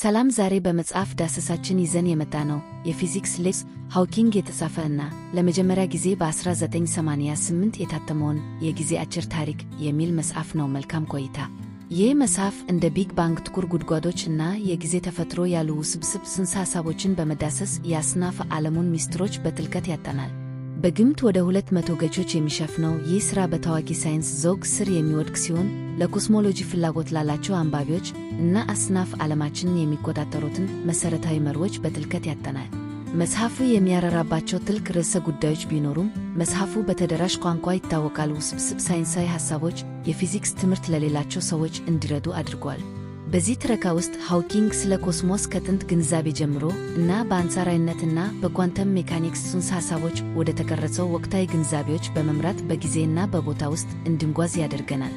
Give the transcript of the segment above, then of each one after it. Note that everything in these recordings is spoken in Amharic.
ሰላም ዛሬ በመጽሐፍ ዳሰሳችን ይዘን የመጣ ነው የፊዚክስ ሌብስ ሃውኪንግ የተጻፈ እና ለመጀመሪያ ጊዜ በ1988 የታተመውን የጊዜ አጭር ታሪክ የሚል መጽሐፍ ነው። መልካም ቆይታ። ይህ መጽሐፍ እንደ ቢግ ባንግ፣ ጥቁር ጉድጓዶች እና የጊዜ ተፈጥሮ ያሉ ውስብስብ ጽንሰ ሐሳቦችን በመዳሰስ የአጽናፈ ዓለሙን ሚስጥሮች በጥልቀት ያጠናል። በግምት ወደ 200 ገጾች የሚሸፍነው ይህ ሥራ በታዋቂ ሳይንስ ዘውግ ስር የሚወድቅ ሲሆን ለኮስሞሎጂ ፍላጎት ላላቸው አንባቢዎች እና አስናፍ ዓለማችንን የሚቆጣጠሩትን መሠረታዊ መርሆዎች በጥልቀት ያጠናል። መጽሐፉ የሚያረራባቸው ጥልቅ ርዕሰ ጉዳዮች ቢኖሩም መጽሐፉ በተደራሽ ቋንቋ ይታወቃል። ውስብስብ ሳይንሳዊ ሐሳቦች የፊዚክስ ትምህርት ለሌላቸው ሰዎች እንዲረዱ አድርጓል። በዚህ ትረካ ውስጥ ሃውኪንግ ስለ ኮስሞስ ከጥንት ግንዛቤ ጀምሮ እና በአንጻራዊነትና በኳንተም ሜካኒክስ ጽንሰ ሐሳቦች ወደ ተቀረጸው ወቅታዊ ግንዛቤዎች በመምራት በጊዜና በቦታ ውስጥ እንድንጓዝ ያደርገናል።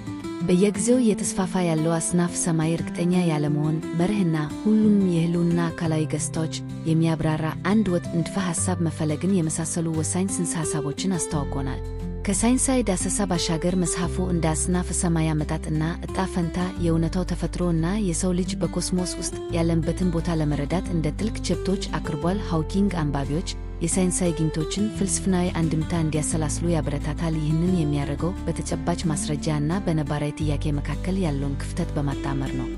በየጊዜው እየተስፋፋ ያለው አስናፍ ሰማይ እርግጠኛ ያለመሆን መርህና ሁሉንም የህልውና አካላዊ ገጽታዎች የሚያብራራ አንድ ወጥ ንድፈ ሐሳብ መፈለግን የመሳሰሉ ወሳኝ ጽንሰ ሐሳቦችን አስተዋውቆናል። ከሳይንሳዊ ዳሰሳ ባሻገር መጽሐፉ እንደ አጽናፈ ሰማይ አመጣጥና እጣ ፈንታ፣ የእውነታው ተፈጥሮ እና የሰው ልጅ በኮስሞስ ውስጥ ያለንበትን ቦታ ለመረዳት እንደ ጥልቅ ቸብቶች አቅርቧል። ሃውኪንግ አንባቢዎች የሳይንሳዊ ግኝቶችን ፍልስፍናዊ አንድምታ እንዲያሰላስሉ ያበረታታል። ይህንን የሚያደርገው በተጨባጭ ማስረጃ እና በነባራዊ ጥያቄ መካከል ያለውን ክፍተት በማጣመር ነው።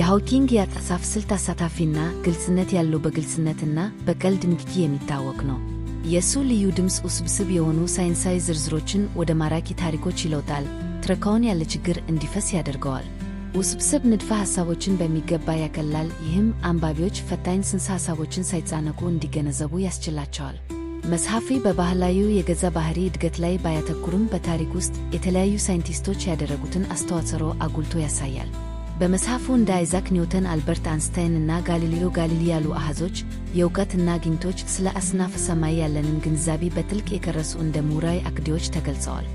የሃውኪንግ የአጻጻፍ ስልት አሳታፊና ግልጽነት ያለው በግልጽነትና በቀልድ ንክኪ የሚታወቅ ነው። የእሱ ልዩ ድምፅ ውስብስብ የሆኑ ሳይንሳዊ ዝርዝሮችን ወደ ማራኪ ታሪኮች ይለውጣል፣ ትረካውን ያለ ችግር እንዲፈስ ያደርገዋል። ውስብስብ ንድፈ ሐሳቦችን በሚገባ ያቀላል። ይህም አንባቢዎች ፈታኝ ጽንሰ ሐሳቦችን ሳይጻነቁ እንዲገነዘቡ ያስችላቸዋል። መጽሐፊ በባህላዊ የገዛ ባህሪ እድገት ላይ ባያተኩርም በታሪክ ውስጥ የተለያዩ ሳይንቲስቶች ያደረጉትን አስተዋጽኦ አጉልቶ ያሳያል። በመጽሐፉ እንደ አይዛክ ኒውተን፣ አልበርት አንስታይን እና ጋሊሌዮ ጋሊሊ ያሉ አሃዞች የእውቀትና ግኝቶች ስለ አስናፈ ሰማይ ያለንን ግንዛቤ በጥልቅ የከረሱ እንደ ምሁራዊ አክዲዎች ተገልጸዋል።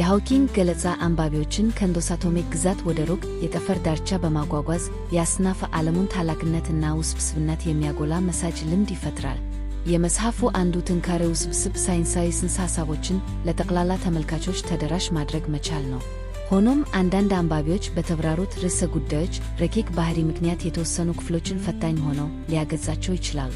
የሃውኪንግ ገለጻ አንባቢዎችን ከእንዶሳቶሚክ ግዛት ወደ ሩቅ የጠፈር ዳርቻ በማጓጓዝ የአስናፈ ዓለሙን ታላቅነትና ውስብስብነት የሚያጎላ መሳጅ ልምድ ይፈጥራል። የመጽሐፉ አንዱ ትንካሬ ውስብስብ ሳይንሳዊ ጽንሰ ሐሳቦችን ለጠቅላላ ተመልካቾች ተደራሽ ማድረግ መቻል ነው። ሆኖም አንዳንድ አንባቢዎች በተብራሩት ርዕሰ ጉዳዮች ረቂቅ ባህሪ ምክንያት የተወሰኑ ክፍሎችን ፈታኝ ሆነው ሊያገጻቸው ይችላሉ።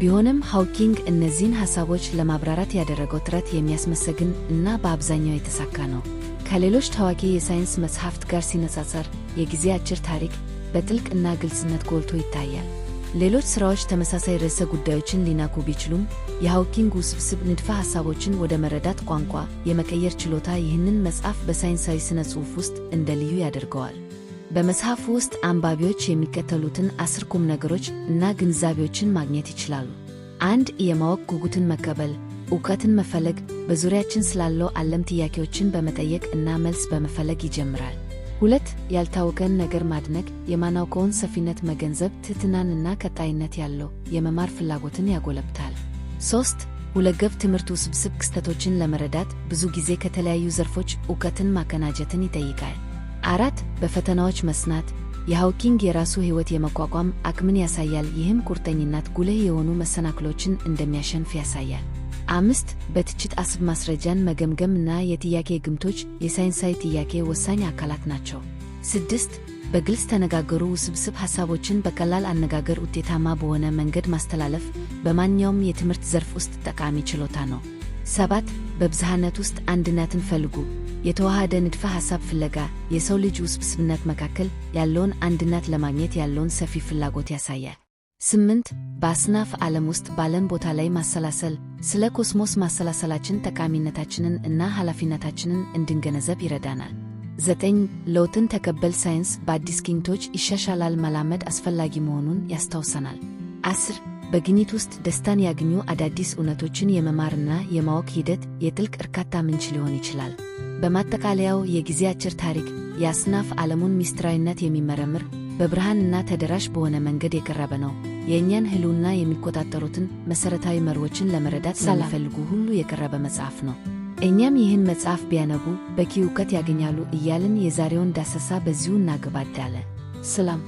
ቢሆንም ሃውኪንግ እነዚህን ሐሳቦች ለማብራራት ያደረገው ጥረት የሚያስመሰግን እና በአብዛኛው የተሳካ ነው። ከሌሎች ታዋቂ የሳይንስ መጽሐፍት ጋር ሲነጻጸር የጊዜ አጭር ታሪክ በጥልቅ እና ግልጽነት ጎልቶ ይታያል። ሌሎች ሥራዎች ተመሳሳይ ርዕሰ ጉዳዮችን ሊናኩ ቢችሉም የሃውኪንግ ውስብስብ ንድፈ ሐሳቦችን ወደ መረዳት ቋንቋ የመቀየር ችሎታ ይህንን መጽሐፍ በሳይንሳዊ ሥነ ጽሑፍ ውስጥ እንደ ልዩ ያደርገዋል። በመጽሐፉ ውስጥ አንባቢዎች የሚከተሉትን አስር ቁም ነገሮች እና ግንዛቤዎችን ማግኘት ይችላሉ። አንድ የማወቅ ጉጉትን መቀበል፣ እውቀትን መፈለግ በዙሪያችን ስላለው ዓለም ጥያቄዎችን በመጠየቅ እና መልስ በመፈለግ ይጀምራል። ሁለት ያልታወቀን ነገር ማድነቅ የማናውቀውን ሰፊነት መገንዘብ ትህትናንና ቀጣይነት ያለው የመማር ፍላጎትን ያጎለብታል። ሶስት ሁለገብ ትምህርት ውስብስብ ክስተቶችን ለመረዳት ብዙ ጊዜ ከተለያዩ ዘርፎች እውቀትን ማከናጀትን ይጠይቃል። አራት በፈተናዎች መስናት የሃውኪንግ የራሱ ሕይወት የመቋቋም አቅምን ያሳያል። ይህም ቁርጠኝነት ጉልህ የሆኑ መሰናክሎችን እንደሚያሸንፍ ያሳያል። አምስት በትችት አስብ ማስረጃን መገምገም እና የጥያቄ ግምቶች የሳይንሳዊ ጥያቄ ወሳኝ አካላት ናቸው። ስድስት በግልጽ ተነጋገሩ ውስብስብ ሐሳቦችን በቀላል አነጋገር ውጤታማ በሆነ መንገድ ማስተላለፍ በማንኛውም የትምህርት ዘርፍ ውስጥ ጠቃሚ ችሎታ ነው። ሰባት በብዝሃነት ውስጥ አንድነትን ፈልጉ። የተዋሃደ ንድፈ ሐሳብ ፍለጋ የሰው ልጅ ውስብስብነት መካከል ያለውን አንድነት ለማግኘት ያለውን ሰፊ ፍላጎት ያሳያል። ስምንት በአስናፍ ዓለም ውስጥ ባለን ቦታ ላይ ማሰላሰል ስለ ኮስሞስ ማሰላሰላችን ጠቃሚነታችንን እና ኃላፊነታችንን እንድንገነዘብ ይረዳናል። ዘጠኝ ለውጥን ተቀበል ሳይንስ በአዲስ ግኝቶች ይሻሻላል መላመድ አስፈላጊ መሆኑን ያስታውሰናል። አስር በግኝት ውስጥ ደስታን ያግኙ አዳዲስ እውነቶችን የመማርና የማወቅ ሂደት የጥልቅ እርካታ ምንጭ ሊሆን ይችላል። በማጠቃለያው የጊዜ አጭር ታሪክ የአስናፍ ዓለሙን ሚስጥራዊነት የሚመረምር በብርሃንና ተደራሽ በሆነ መንገድ የቀረበ ነው። የእኛን ህልውና የሚቆጣጠሩትን መሠረታዊ መርሆችን ለመረዳት ሳላፈልጉ ሁሉ የቀረበ መጽሐፍ ነው። እኛም ይህን መጽሐፍ ቢያነቡ በቂ እውቀት ያገኛሉ እያልን የዛሬውን ዳሰሳ በዚሁ እናገባዳለን። ሰላም።